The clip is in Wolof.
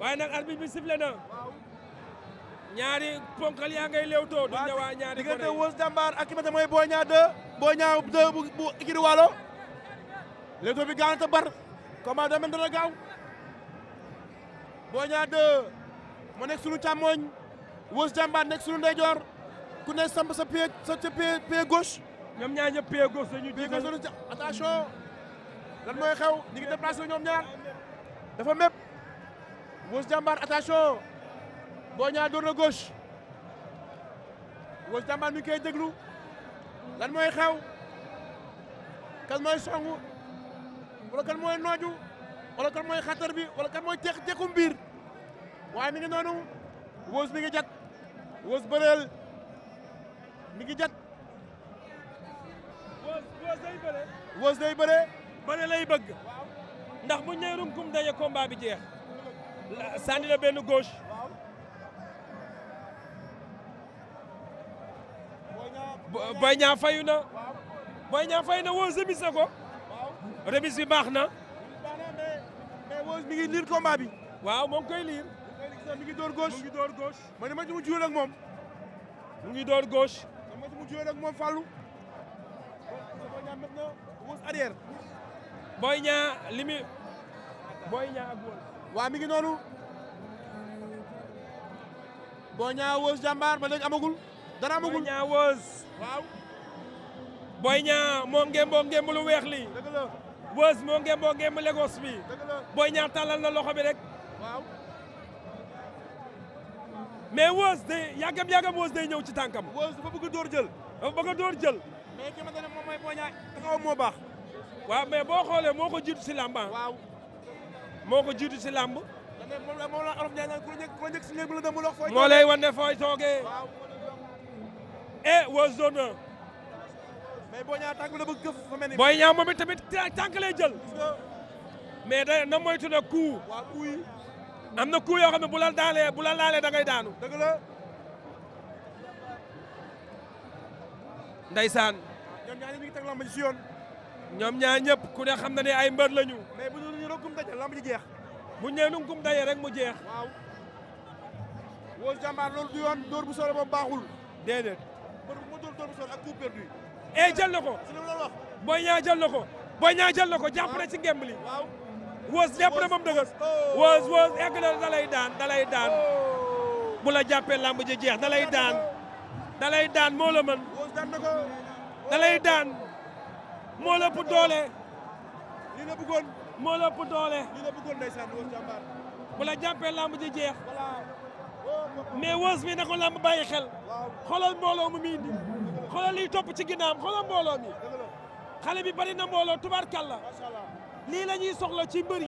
waaye nag arbitre bi sifflé na ñaari ponkal yaa ngay léewtoo duñ ne ñaari diggante Wëz Jàmbaar ak ki nga xam mooy Boy Niang 2 Boy Niang 2 bu bu ikiri wàllo bi gaaw bar combat da gaaw Boy Niang 2 mu nekk sunu càmmooñ Wëz Jàmbaar nekk sunu ndeyjoor ku nekk samp sa pied sa ca pied pied gauche ñoom ñaar ñëpp pied gauche la ñu jiital attention lan mooy xew ñu ngi déplacé ñoom ñaar dafa mépp Weuz Diambar attention Boy Niang door na gauche Weuz Diambar mi ngi koy déglu lan mooy xew kan mooy songu wala kan mooy nooju wala kan mooy xatar bi wala kan mooy teq tequ mbiir waaye mi ngi noonu Weuz mi ngi jat Weuz bëreel mi ngi jat Weuz day bëre bëre lay bëgg ndax bu ñëwee runkum daje combat bi jeex sànni na benn gauche. Boy Fayuna. fayu na. Boy Niang fayu na Weuss remise na ko. remise bi baax na. mais Weuss mi ngi liir combat bi. waaw moo ngi koy liir. mi ngi door gauche mi ngi door gauche. ma ne ma ci mon juweel ak moom. mu ngi door gauche. ma ci mu juweel ak moom Fallou. Boy Niang maintenant Weuss arrière. Boy Niang limi Boy Niang ak Weuss. waa mi ngi noonu boo Niang Weuss jàmbaar ba léegi amagul dara amagul Boy Niang Weuss waaw Boy Niang moo ngemboo ngemb lu weex li Weuss moo ngemboo ngemb Lagos bi Boy Niang tàllal na loxo bi rek waaw mais Weuss day yàggam yàggam Weuss day ñëw ci tànkam Weuss dafa bëgg door jël dafa bëgg door jël mais ki ma ne moom mooy Boy Niang taxaw moo baax waaw mais boo xoolee moo ko jiitu si làmba waaw moo ko jiitu si làmb. moo lay wan ne fooy toogee. et wa zone mais boo ñaa tànk la bëgg këf fa mel booy ñaa moom tamit tànk jël. mais day na moytu ne kuu. am na kuu yoo xam ne bu la daalee bu la laalee da ngay daanu. dëgg la. ñoom ñaar ñëpp ku ne xam na ne ay mbër lañu. gum daje lamb jeex. bu ñëwee nu gum daje rek mu jeex. waaw. woo jàmbaar loolu du yoon dóor bu sore boobu baaxul. déedéet. mbër bu dóor bu sore ak coup perdu. eh jël ko. si li wax. booy jël na ko. booy ñaa jël na ko jàpp na ah. ci ngemb li. waaw. woos jàpp na moom dëgës. Oh. woos woos egg na da lay daan da lay daan. Oh. bu la jàppee lamb ji jeex da daan. da lay daan moo la mën. daan na doole. li la bëggoon moo la ëpp doole li la bëggoon ndeysaan la jàppee lamb jeex mais wës mi na ko lamb bàyyi xel xoolal mbooloo mu mi indi xoolal liy topp ci ginnaam xoolal mbooloo mi xale bi bari na mbooloo tubaarkàlla lii la ñuy soxla ci mbëri